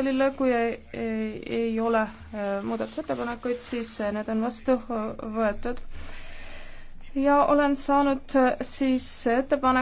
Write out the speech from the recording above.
protokollile, kui ei, ei, ei ole eh, muudatusettepanekuid, siis eh, need on vastu eh, võetud. ja olen saanud siis ettepaneku